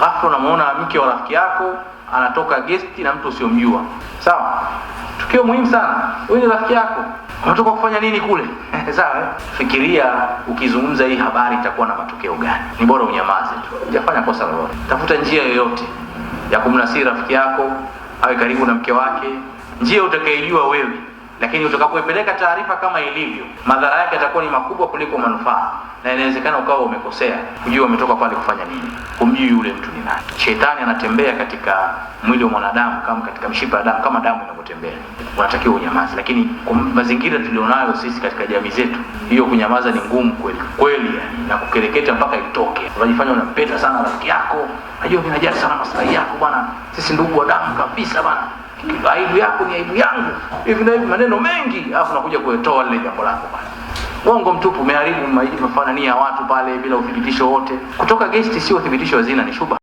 ghafla unamuona mke wa rafiki yako anatoka gesti na mtu usiomjua. Sawa, tukio muhimu sana. Huyu ni rafiki yako, unatoka kufanya nini kule? Sawa, eh? fikiria, ukizungumza hii habari itakuwa na matokeo gani? Ni bora unyamaze tu, hujafanya kosa lolote. Tafuta njia yoyote ya kumnasiri rafiki yako awe karibu na mke wake, njia utakayojua wewe lakini utakapoipeleka taarifa kama ilivyo, madhara yake yatakuwa ni makubwa kuliko manufaa, na inawezekana ukawa umekosea kujua umetoka pale kufanya nini, kumjui yule mtu ni nani. Shetani anatembea katika mwili wa mwanadamu kama katika mshipa wa damu, kama damu inavyotembea. Unatakiwa unyamaze, lakini kwa mazingira tulionayo sisi katika jamii zetu, hiyo kunyamaza ni ngumu kweli kweli, na kukereketa mpaka itoke. Unajifanya unampenda sana rafiki yako, najua mimi najali sana maslahi yako bwana, sisi ndugu wa damu kabisa bwana aibu yako ni aibu yangu, hivi na hivi, maneno mengi, alafu nakuja kuitoa lile jambo lako pale. Uongo mtupu, umeharibu mafanania ya watu pale bila uthibitisho wote. Kutoka gesti sio uthibitisho wa zina, ni shubha.